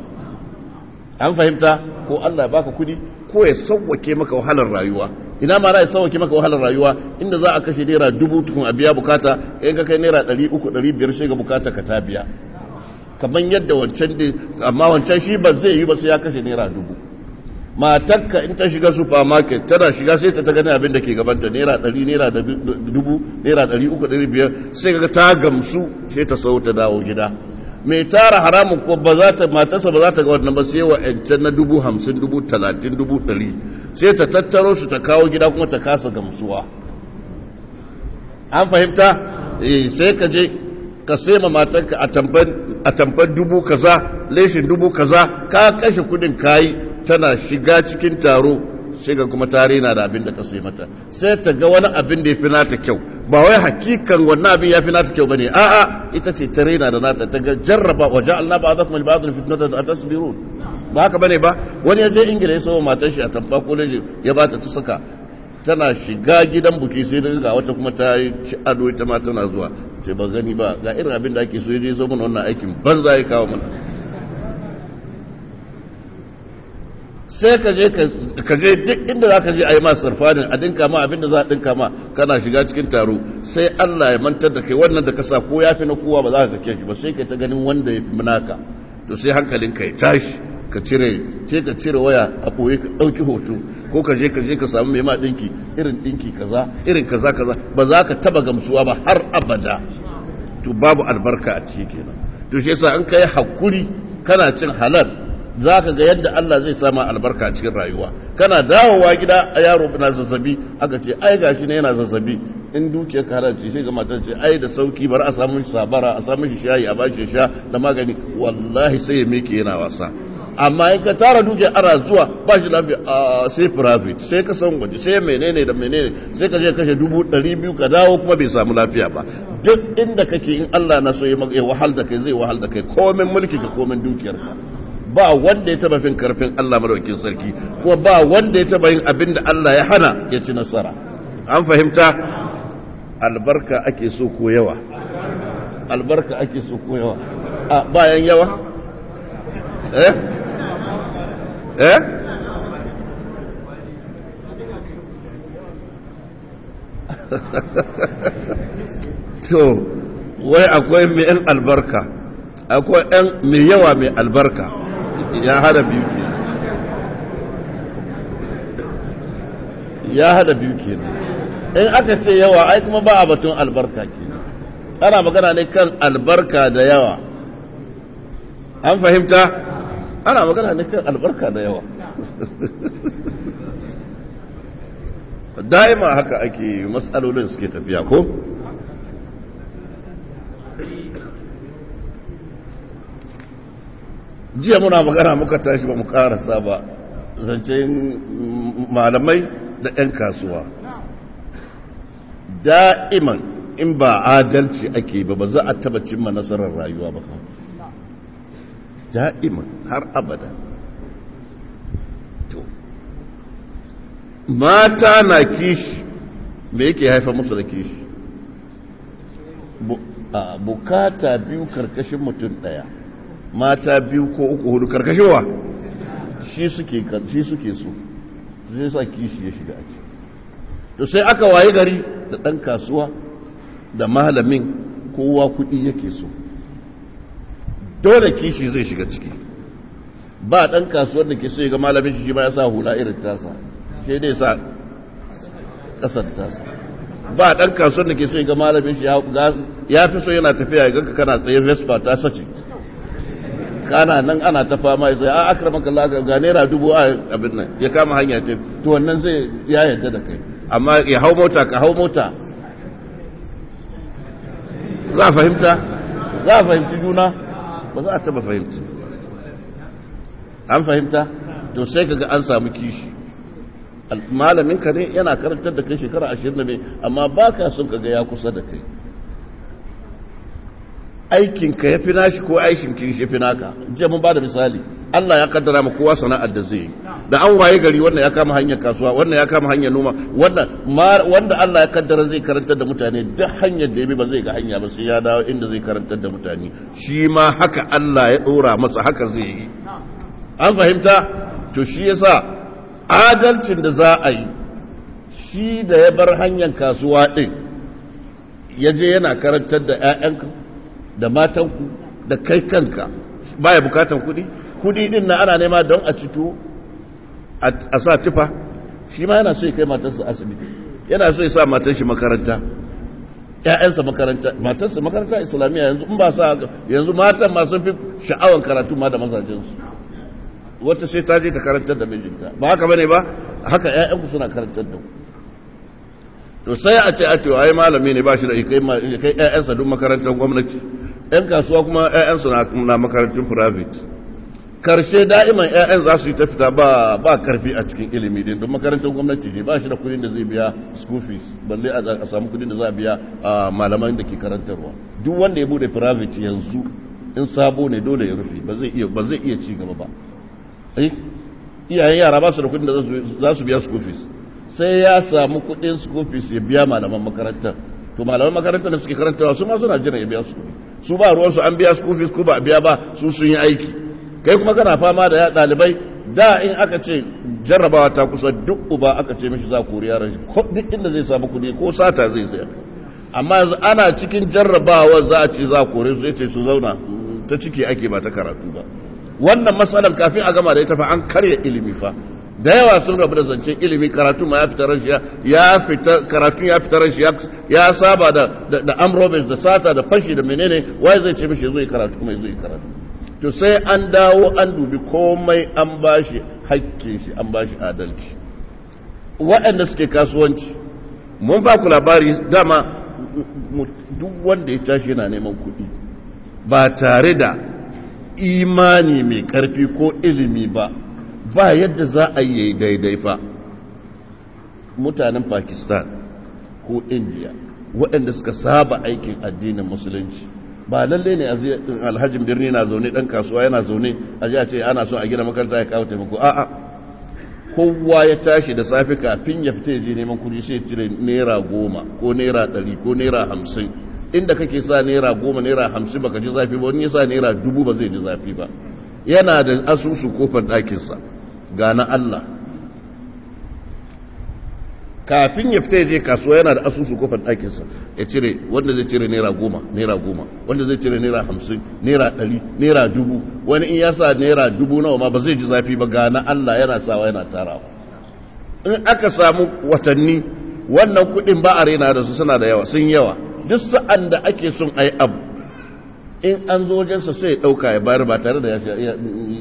an fahimta ko Allah ya baka kuɗi ko ya sauwake maka wahalar rayuwa ina ma ra'ayi sauwake maka wahalar rayuwa inda za a kashe naira dubu tukun a biya bukata in ka kai naira ɗari uku ɗari biyar shiga bukata ka ta biya kamar yadda wancan da amma wancan shi ba zai yi ba sai ya kashe naira dubu matarka in ta shiga supermarket tana shiga sai ta gani abin da ke gabanta naira ɗari naira dubu naira ɗari uku ɗari biyar sai ka ta gamsu sai ta sau ta dawo gida mai tara haramun ko ba za ta matarsa ba za ta ga wannan ba sai wa yancan na dubu hamsin dubu talatin dubu ɗari sai ta tattaro su ta kawo gida kuma ta kasa gamsuwa an fahimta eh, sai ka je ka sai ma matarka a tamfar dubu kaza leshin dubu kaza ka kashe kudin kayi tana shiga cikin taro sai ga kuma tare na da abin da ka sai mata sai ta ga wani abin da ya fi nata kyau ba wai hakikan wannan abin ya fi nata kyau bane a'a ita ce tare na da nata ta ga jarraba wa ja'alna ba'dakum li fitnata da atasbirun ba haka bane ba wani ya je ingila ya sawo matar shi a tabba koleji ya ba ta tusuka saka tana shiga gidan buki sai da ga wata kuma ta yi ci ado ita ma tana zuwa sai ba gani ba ga irin abin da ake so ya zo mana wannan aikin a yi kawo mana sai ka je duk inda za ka je a yi masu sarfanin a dinka ma abin da za a dinka ma kana shiga cikin taro sai Allah ya mantar da kai wannan da ka sa ko ya fi na kowa ba za ka kake shi ba sai kai ta ganin wanda ya fi naka to sai hankalin ka ya tashi ka cire ka cire waya a koyi ka ɗauki hoto ko ka je ka je ka samu mai ma dinki irin dinki kaza irin kaza kaza ba za ka taba gamsuwa ba har abada to babu albarka a ciki kenan to shi yasa in yi hakuri kana cin halal za ka ga yadda Allah zai sama albarka a cikin rayuwa kana dawowa gida a yaro na zazzabi aka ce ai gashi ne yana zazzabi in dukiyar ka halarci sai ga matar ce ai da sauki bar a samu sabara a samu shi shayi a bashi sha da magani wallahi sai ya miƙe yana wasa amma in ka tara dukiyar ana zuwa ba shi lafiya a sai private sai ka san waje sai menene da menene sai ka je kashe dubu ɗari biyu ka dawo kuma bai samu lafiya ba duk inda kake in Allah na so ya maka wahal da kai zai wahal da kai komin mulki ka komin dukiyar ka ba wanda ya taba fin karfin Allah madaukin sarki kuma ba wanda ya taba yin abin da Allah ya hana ya ci nasara an fahimta albarka ake so ko yawa albarka ake so ko yawa bayan yawa eh eh to wai akwai mai yan albarka akwai yan mai yawa mai albarka ya hada biyu ke ya hada biyu ke in aka ce yawa ai kuma ba a batun albarka ke ana magana ne kan albarka da yawa an fahimta ana magana ne kan albarka da yawa daima haka ake matsalolin suke tafiya ko jiya muna magana muka tashi ba mu karasa ba zancen malamai da 'yan kasuwa da'iman in ba adalci ake ba ba za a taba cimma nasarar rayuwa ba da'iman har abada to mata na kishi me yake haifa musu da kishi bukata biyu karkashin mutum daya mata biyu ko uku hudu karkashewa shi suke so zai sa kishi ya shiga ake to sai aka waye gari da ɗan kasuwa da malamin kowa kuɗi yake so dole kishi zai shiga ciki ba ɗan kasuwar da ke so ya ga malamin shi ba ya sa hula irin tasa sai dai sa kasar tasa ba ɗan kasuwar da ke so ya ga malamin shi ya fi so yana tafiya ya ganka kana tsaye vespa ta sace kana nan ana ta fama ya sai a akramaka Allah ga naira dubu a abin nan ya kama hanya ta to wannan zai ya yarda da kai amma ya hau mota ka hau mota za a fahimta za a fahimci juna ba a taba fahimta an fahimta to sai kaga an samu kishi malamin ka ne yana karantar da kai shekara ashirin da ne amma ba ka son kaga ya kusa da kai aikinka ya fi nashi ko aikin kiri ya fi naka jiya mun ba da misali Allah ya kaddara ma kowa sana'ar da zai yi da an waye gari wannan ya kama hanyar kasuwa wannan ya kama hanyar noma wanda Allah ya kaddara zai karantar da mutane duk hanyar da ya bi ba zai ga hanya ba sai ya dawo inda zai karantar da mutane shi ma haka Allah ya dora masa haka zai yi an fahimta to shi yasa adalcin da za a yi shi da ya bar hanyar kasuwa din ya je yana karantar da 'ya'yanka da matanku da kai kanka baya bukatan kudi kudi din na ana nema don a cito a sa tufa shi ma yana so ya kai matarsa asibiti yana so ya sa matar shi makaranta ya'yansa makaranta matarsa makaranta islamiyya yanzu in ba sa yanzu matan ma sun fi sha'awan karatu ma da mazajensu wata sai ta je ta karantar da mijinta ba haka bane ba haka 'ya'yanku suna karantar da ku to sai a ce a ce ai malami ne ba shi da kai 'ya'yansa duk makarantar gwamnati 'yan kasuwa kuma ƴaƴansu na makarantun private karshe da'iman 'ya'yan za su yi ta fita ba ba karfi a cikin ilimi din don makarantar gwamnati ne ba shi da kudin da zai biya school fees balle a samu kudin da za a biya malaman da ke karantarwa duk wanda ya bude private yanzu in sabo ne dole ya rufe ba zai iya ba zai iya ci gaba ba eh? iyayen yara ba su da kudin da za su biya school fees sai ya samu kudin school fees ya biya malaman makarantar to malaman makarantar da suke karantarwa, su ma suna jiran ya su su ba ruwan su an biya su ko ba biya ba su sun yi aiki kai kuma kana fama da ya dalibai da in aka ce jarrabawa ta kusa duk uba aka ce mishi za ku yaran shi ko duk inda zai samu kuɗi ko sata zai saya amma yanzu ana cikin jarrabawa za a ce za kore su ce su zauna ta ciki ake ba ta karatu ba wannan matsalar kafin a gama da ita fa an karya ilimi fa da yawa sun rabu da zance ilimi karatu ma ya fita rashiya ya fita karatu ya fita rashiya ya saba da da amrobes da sata da fashi da menene wai zai ce mishi zai karatu kuma zai karatu to sai an dawo an dubi komai an bashi hakkin shi an bashi adalci waɗanda suke kasuwanci mun ba ku labari dama duk wanda ya tashi yana neman kuɗi ba tare da imani mai ƙarfi ko ilimi ba ba yadda za a yi daidai fa mutanen pakistan ko india waɗanda suka saba aikin addinin musulunci ba lalle ne alhajin birni na zaune ɗan kasuwa yana zaune a ji ce ana so a gina makaranta ya kawo taimako a'a kowa ya tashi da safe kafin ya fita je neman kudi sai cire naira goma ko naira ɗari ko naira hamsin inda kake sa naira goma naira hamsin baka ji zafi ba wani ya sa naira dubu ba zai ji zafi ba yana da asusu kofar ɗakinsa ga na Allah kafin ya fita je kasuwa yana da asusu kofar ɗakinsa ya cire wanda zai cire naira goma naira goma wanda zai cire naira hamsin naira ɗari naira dubu wani in ya sa naira dubu nawa ma ba zai ji zafi ba ga na Allah yana sawa yana tarawa in aka samu watanni wannan kuɗin ba a raina da su suna da yawa sun yawa duk sa'an da ake son ai abu in an zo wajensa sai ya ɗauka ya bayar ba tare da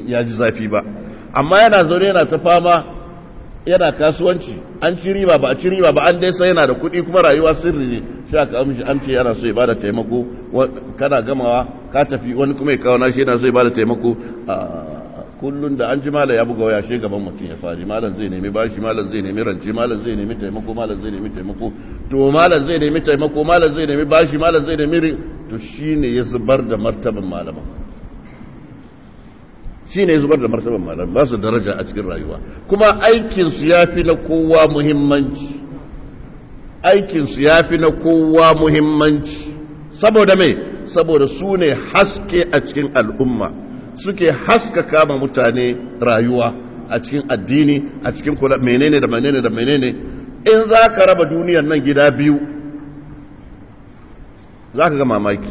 ya ji zafi ba amma yana zaune yana ta fama yana kasuwanci an ci riba ba a ci riba ba an dai sai yana da kuɗi kuma rayuwa sirri ne shi aka amshi an ce yana so ya bada taimako kana gamawa ka tafi wani kuma ya kawo nashi yana so ya bada taimako kullun da an ji malam ya buga waya shi gaban mutum ya fari malam zai nemi bashi malam zai nemi rance malam zai nemi taimako malam zai nemi taimako to malam zai nemi taimako malam zai nemi bashi malam zai nemi to shine ya zubar da martaban malaman shine ne zubar da martaban malamai ba su daraja a cikin rayuwa kuma aikinsu ya fi na kowa muhimmanci aikinsu ya fi na kowa muhimmanci saboda me saboda su ne haske a cikin al'umma suke haska kama mutane rayuwa a cikin addini a cikin kula menene da menene da menene in za ka raba duniyar nan gida biyu za ka ga mamaki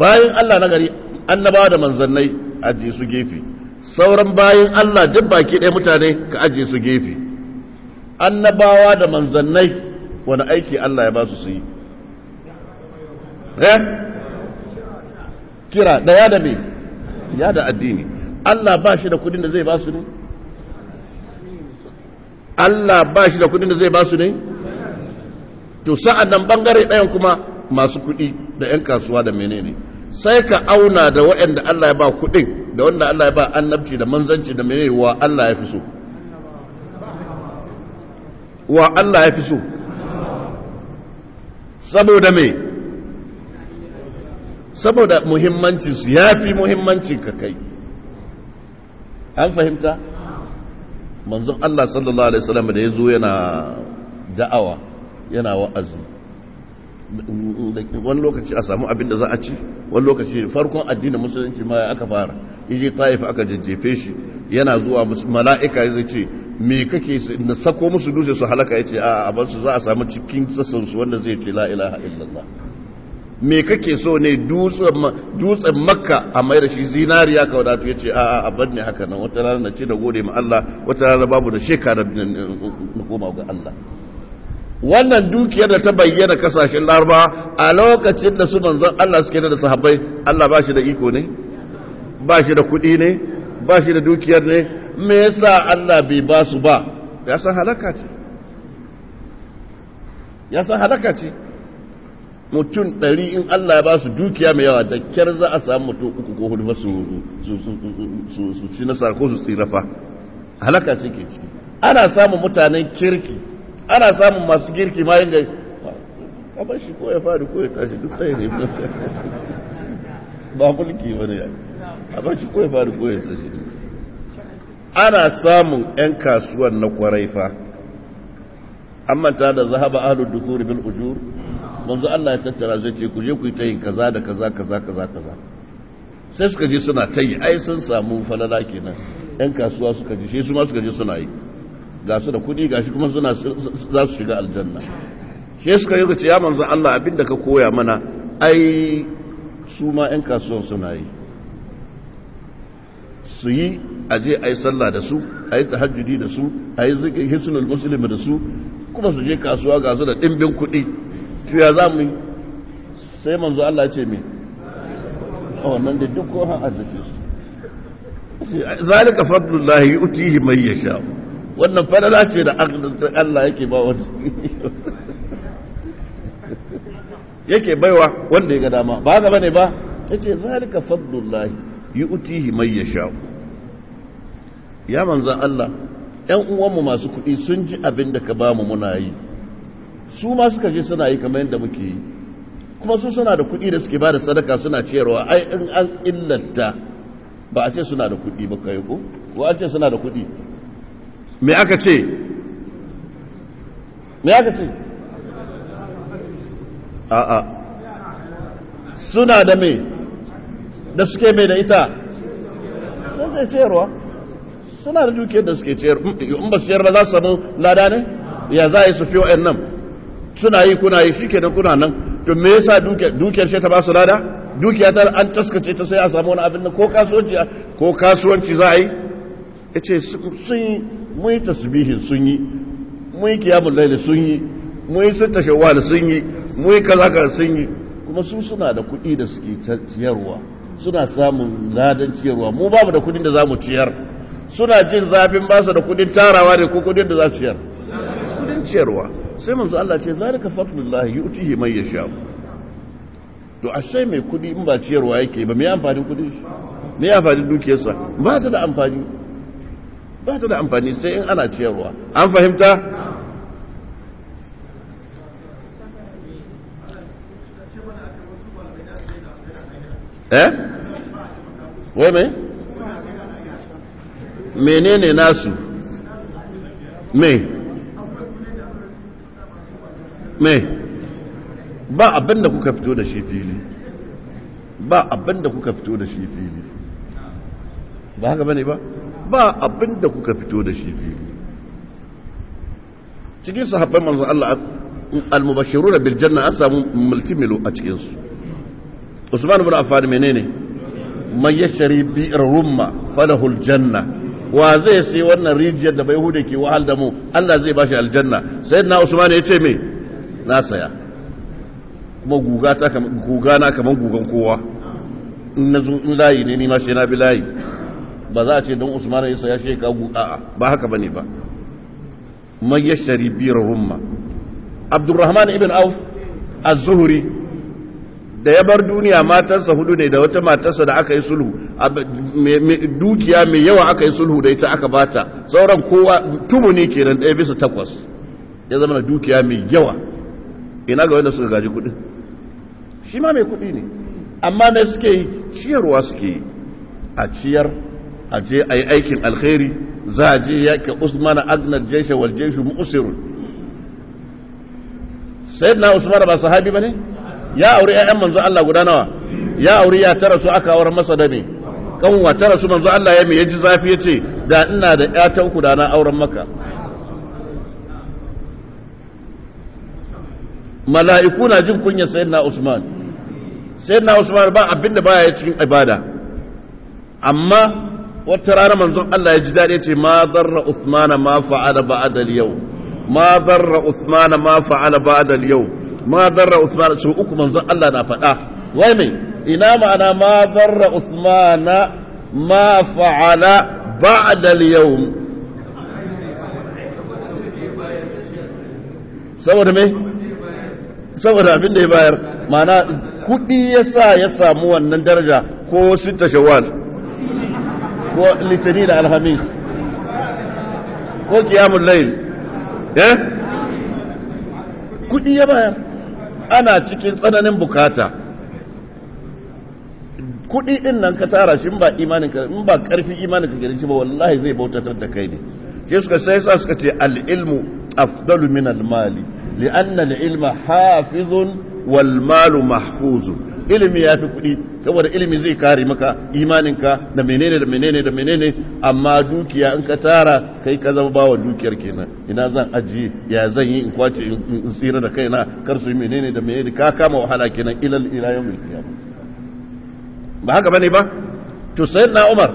bayan allah na gari annabawa da manzannai ajiye su gefe sauran bayan Allah duk baki ɗaya mutane ka ajiye su gefe annabawa da manzannai wani aiki Allah ya ba su su yi eh? kira da ya da me ya da addini Allah ba shi da kudin da zai ba su ne Allah ba shi da kudin da zai ba su ne to sa'an nan bangare ɗayan kuma masu kudi da 'yan kasuwa da menene sai ka auna da waɗanda Allah ya ba kuɗin da wanda Allah ya ba annabci da manzanci da mene wa Allah ya fi so wa Allah ya fi so saboda me saboda muhimmancinsu ya fi muhimmancin ka kai an fahimta manzon Allah sallallahu alaihi wasallam da ya zo yana da'awa yana wa'azi wani lokaci a samu abin da za a ci wani lokaci farkon addinin musulunci ma ya aka fara iji taif aka jajjefe shi yana zuwa mala'ika ya ce me kake na sako musu dutse su halaka ya ce a aban su za a samu cikin sassan wanda zai ce la illallah me kake so ne dutsen makka a mai da shi zinariya ka wadatu ya ce a ban ne haka nan wata rana na ce da gode ma Allah wata rana babu da shekara na koma ga Allah wannan dukiyar da ta bayyana kasashen larba a lokacin da su manzon Allah suke da sahabbai Allah ba shi da iko ne ba shi da kuɗi ne ba shi da dukiyar ne me yasa Allah bai ba su ba ya san halaka ce ya san halaka ce mutum ɗari in Allah ya ba su dukiya mai yawa da kyar za a samu mutum uku ko hudu su ci nasara ko su tsirafa halaka ce ke ciki ana samun mutanen kirki ana samun masu girki ma yin gai kamar shi ko ya fari ko ya tashi duk ɗaya ne ba mulki ba ne kamar shi ko ya fari ko ya tashi ana samun 'yan kasuwan na kwarai fa an manta da zahaba ahlud dusuri bil ujur manzo Allah ya tattara zai ce ku je ku yi ta yin kaza da kaza kaza kaza kaza sai suka je suna ta yi ai sun samu falala kenan 'yan kasuwa suka ji shi su ma suka je suna yi ga su da kudi shi kuma suna za su shiga aljanna shi suka yi ce ya manzan Allah abinda ka koya mana ai su ma 'yan kasuwan suna yi su yi aje a yi sallah da su a yi tahajjudi da su a yi zikin hisnul musulmi da su kuma su je kasuwa ga su da ɗimbin kuɗi Su ya za mu yi sai manzan Allah ce me a wannan da duk ko han arziki su zalika fadlullahi yu'tihi ya yasha wannan falala ce da Allah yake ba wanda yake baiwa wanda ya ga dama ba ga bane ba yace zalika fadlullahi yu'tihi man yasha ya manzo Allah ƴan uwanmu masu kuɗi sun ji abin da ka ba mu muna yi su ma suka je suna yi kamar yadda muke yi kuma su suna da kuɗi da suke ba da sadaka suna ciyarwa ai in an illanta ba a ce suna da kuɗi ba kai ko ko a ce suna da kuɗi me aka ce me aka ce a suna da me da suke mai da ita sun sai ciyarwa suna da dukiyar da suke ciyar mm, in ba su yar ba za su samu lada ne ya za a yi su fi wa'yan nan suna yi kuna yi shi ke da kuna nan to me yasa dukiyar shi ta ba su lada dukiya ta an taskace ta sai a samu wani abin nan ko kasuwanci ko kasuwanci za a yi ya ce sun mun yi tasbihin sun yi mun yi kiyamun laili sun yi mun yi sun da sun yi mun yi kaza sun yi kuma su suna da kuɗi da suke ciyarwa suna samun ladan ciyarwa mu babu da kuɗin da za mu ciyar suna jin zafin ba su da kuɗin tarawa ne ko kuɗin da za ciyar kuɗin ciyarwa sai manzo Allah ce zalika fadlullahi yu'tihi man yasha to ashe mai kuɗi in ba ciyarwa yake ba me amfanin kuɗin shi me amfanin dukiyarsa ba ta da amfani ba ta da amfani sai in ana ciyarwa an fahimta eh wai mai menene nasu mai mai ba abin da kuka fito da shi fili ba abin da kuka fito da shi fili ba haka bane ba ba abin da kuka fito da shi fili cikin sahabban manzo Allah al mubashiru da janna an samu multimilu a cikin su Usman ibn Affan menene man yashri bi rumma falahu janna wa zai sai wannan rijiyar da bai hude ke wahal da mu Allah zai bashi aljanna sayyidina Usman ya ce me na saya kuma guga na kaman gugan kowa in in layi ne ni ma shi na bi layi ba za a ce don usman ya ya shi ka a'a ba haka bane ba man yashtari bi rahumma abdurrahman ibn auf az-zuhri da ya bar duniya matarsa hudu ne da wata matarsa da aka yi sulhu dukiya mai yawa aka yi sulhu da ita aka bata sauran kowa tumuni kenan ɗaya bisa takwas ya zama dukiya mai yawa ina ga wanda suka gaji kuɗin shi ma mai kuɗi ne amma ne suke yi ciyarwa suke yi a ciyar a je a yi aikin alkhairi za a je yaƙi usman agnar jeshe wal jeshu mu'usirun sai na usman ba sahabi ba ne ya auri ƴaƴan manzo Allah guda nawa ya auri ya tara su aka awar masa da me kanwa tara su manzo Allah ya me yaji zafi yace da ina da ƴatan ku da na auren maka mala'iku na jin kunya sayyidina Usman sayyidina Usman ba abin da baya cikin ibada amma wata rana manzon Allah ya ji daɗi ya ce ma zarra Usman ma fa'ala ba'da yau ma zarra Usman ma fa'ala ba'da yau ma zarra Usman su uku manzon Allah na faɗa wai me ina ma'ana ma zarra Usman ma fa'ala ba'da yau saboda me saboda abin da ya bayar ma'ana kuɗi ya sa ya samu wannan daraja ko sita shawwal ko litani da alhamis ko kiyamun lail eh kudi ya bayar ana cikin tsananin bukata kudi din nan ka tara shi ba imanin ka in ba karfi imanin ka gidan shi ba wallahi zai bautatar da kai ne shi suka sai sa suka ce al-ilmu afdalu min al-mali li'anna al-ilma hafizun wal malu mahfuzun ilimi ya fi kuɗi saboda ilimi zai kare maka imaninka da menene da menene da menene amma dukiya in ka tara kai ka zama bawa dukiyar kenan ina zan ajiye ya zan yi in kwace in tsira da kaina kar su menene da menene ka kama wahala kenan ilal ila yawmil qiyamah ba haka bane ba to sayyidina Umar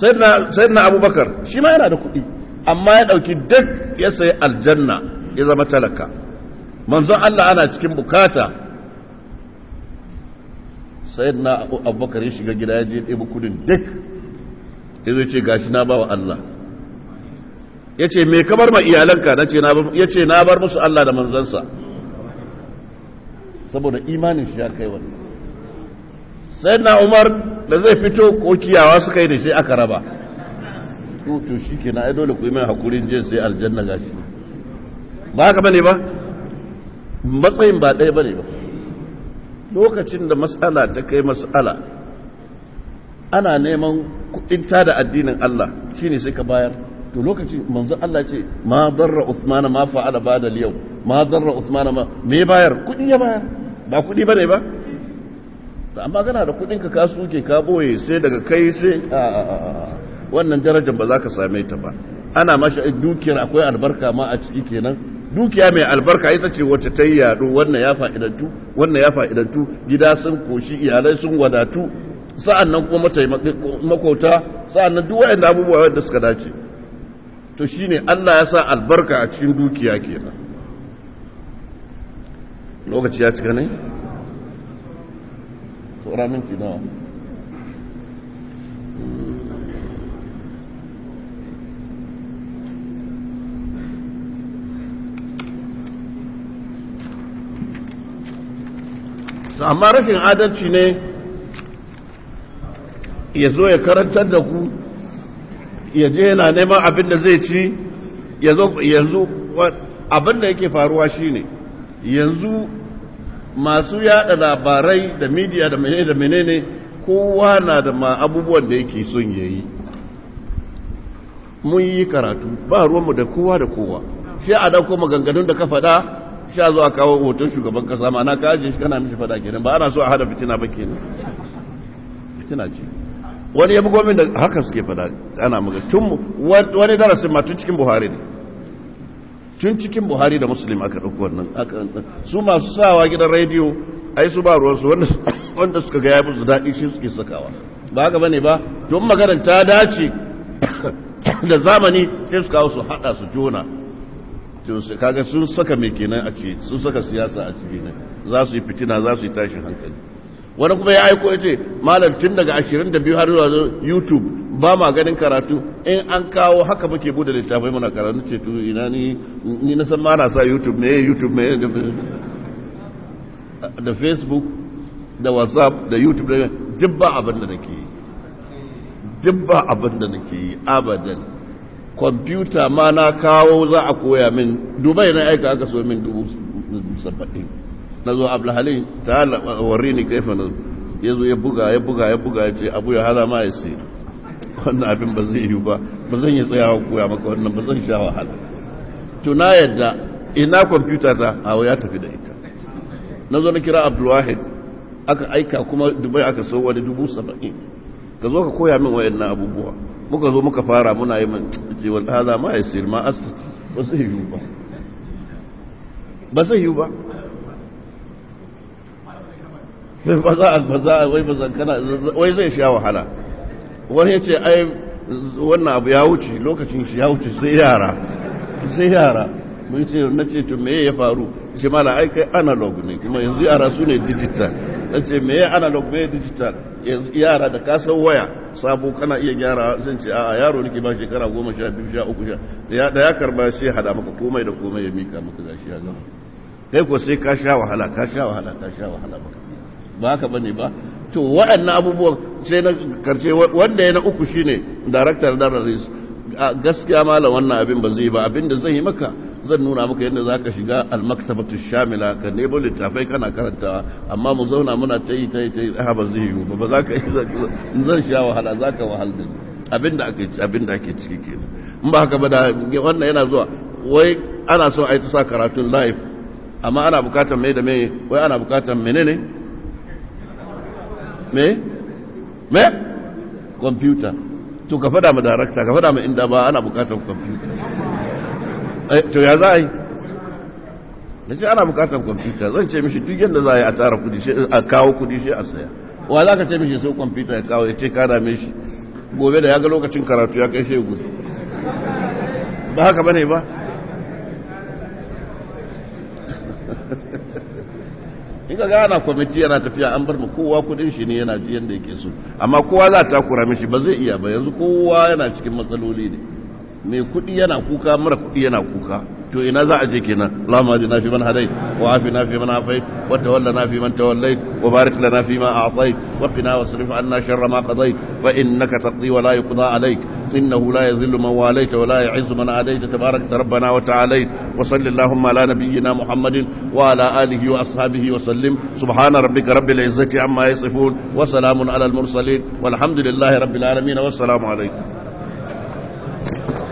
sayyidina sayyidina Abubakar shi ma yana da kuɗi amma ya ɗauki duk ya sayi aljanna ya zama talaka manzon Allah ana cikin bukata na abubakar ya shiga gida ya je ɗaya kudin duk ya zai ce gashi na bawa Allah ya ce me kamar ma iyalanka ya ce na bar musu Allah da manzansa saboda imanin shi ya kai wani na umar da zai fito ko kiyawa suka yi da sai aka raba to shi ke na idola dole ku yi mai hakurin je sai aljanna gashi ba haka bane ba matsayin ba ɗaya bane ba lokacin da matsala ta kai matsala ana neman kudin da addinin Allah shine sai ka bayar to lokacin manzo Allah ce ma darra Uthman ma fa'ala ba'da al-yawm ma darra Uthman ma me bayar kudi ya bayar ba kudi bane ba To amma kana da kudin ka kasu ke ka boye sai daga kai sai wannan darajar ba za ka same ta ba ana mashi dukiyar akwai albarka ma a ciki kenan dukiya mai albarka ita ce wacce ta yi yado wannan ya fa'idantu wannan ya fa'idantu gida sun koshi iyalai sun wadatu sa'an nan kuma makauta sa'an nan duk waɗanda abubuwa wadda suka dace to shi ne allah ya sa albarka a cikin dukiya kenan lokaci ya cika ne? tsora minti nawa hmm. amma rashin adalci ne ya zo ya karantar da ku ya je yana neman abin da zai ci yanzu abin da yake faruwa shine yanzu masu yada labarai da midiya da menene da menene kowa na da ma abubuwan da yake son yayi mun yi karatu ba ruwanmu da kowa da kowa sai a dauko maganganun da ka faɗa sha zuwa kawo hoton shugaban kasa ma na kaje shi kana mishi fada kenan ba ana so a hada fitina ba kenan fitina ce wani ya bugo min da haka suke fada ana maga tun wani darasin ma tun cikin buhari ne tun cikin buhari da musulmi aka ɗauko wannan su masu sawa gidan rediyo ai su ba ruwansu wanda suka ga ya musu daɗi shi suke sakawa ba haka bane ba tun maganar ta dace da zamani sai su kawo su haɗa su jona kaga sun saka mai kenan a ciki sun saka siyasa a ciki ne za su yi fitina za su yi tashin hankali wani kuma ya aiko ya ce malam tun daga 22 har zuwa youtube ba ma ganin karatu in an kawo haka muke bude littafai muna karatu ce to ina ni ni na san ma na sa youtube me youtube me da facebook da whatsapp da youtube da duk ba abin da nake yi duk ba abin da nake yi abadan kwamfuta ma na kawo za a koya min dubai na aika aka so min dubu saba'in na zo abdulhalin ta warri ni kaifa na ya zo ya buga ya buga ya buga ya ce abu ya hada ma ya ce wannan abin ba zai yi ba ba zan yi tsayawa koya maka wannan ba zan sha wahala to na yadda ina kwamfuta ta hawa ya tafi da ita na zo na kira abdulwahid aka aika kuma dubai aka so wani dubu saba'in ka zo ka koya min wayannan abubuwa muka zo muka fara muna yi cewar haza ma ya sayar ma asta ba zai yiwu ba ba zai yiwu ba mai za a wai fasankana wai zai sha wahala wani ya ce ai wannan abu ya wuce lokacin shi ya wuce sai yara sai yara mun ce na ce to me ya faru ce mala ai kai analog ne kuma yanzu yara su ne digital dan ce me analog me digital yara da kasar waya sabo kana iya gyara zan ce a yaro nake ba shekara goma sha biyu sha uku sha da ya karba shi hada maka komai da komai ya mika maka shi ya gama kai ko sai ka sha wahala ka sha wahala ka sha wahala baka ba haka bane ba to waɗannan abubuwan sai na karshe wanda ya na uku shine director da gaskiya malam wannan abin ba zai ba abin da zai yi maka zan nuna maka yadda za ka shiga almaktabatu shamila ka nebo littafai kana karanta amma mu zauna muna ta yi ta yi ta yi ha ba zai yiwu ba za ka yi zan sha wahala za ka wahal da abinda ake da ake ciki ke in ba haka ba da wannan yana zuwa wai ana so a yi ta sa karatun laif amma ana bukatar mai da mai wai ana bukatar menene me me computer to ka fada ma director ka fada ma inda ba ana bukatar computer Eh, to ya za a yi da ce ana bukatar kwamfuta zan ce mishi duk yadda za a yi a tara kudi a kawo kudi shi a saya wa za ka ce mishi sau kwamfuta ya kawo ya ce kada mai shi gobe da ya ga lokacin karatu ya kai shi gudu ba haka bane ba in ga gana kwamiti yana tafiya an bar mu kowa kudin shi ne yana ji yadda yake so amma kowa za ta kura mishi ba zai iya ba yanzu kowa yana cikin matsaloli ne mai kuɗi yana kuka mara kuɗi yana kuka to ina za a je kenan lama ji fi man hadai wa afi nafi man afai wa tawalla fi man tawallai wa barik lana fi ma a'tai wa qina wasrif anna sharra ma qadait fa innaka taqdi wa la yuqda alayk innahu la yazillu man walayta wa la yu'izzu man adayta tabarakta rabbana wa ta'alayt wa salli allahumma ala nabiyyina muhammadin wa ala alihi wa ashabihi wa sallim subhana rabbika rabbil izzati amma yasifun wa salamun ala al mursalin walhamdulillahi rabbil alamin wa assalamu alaykum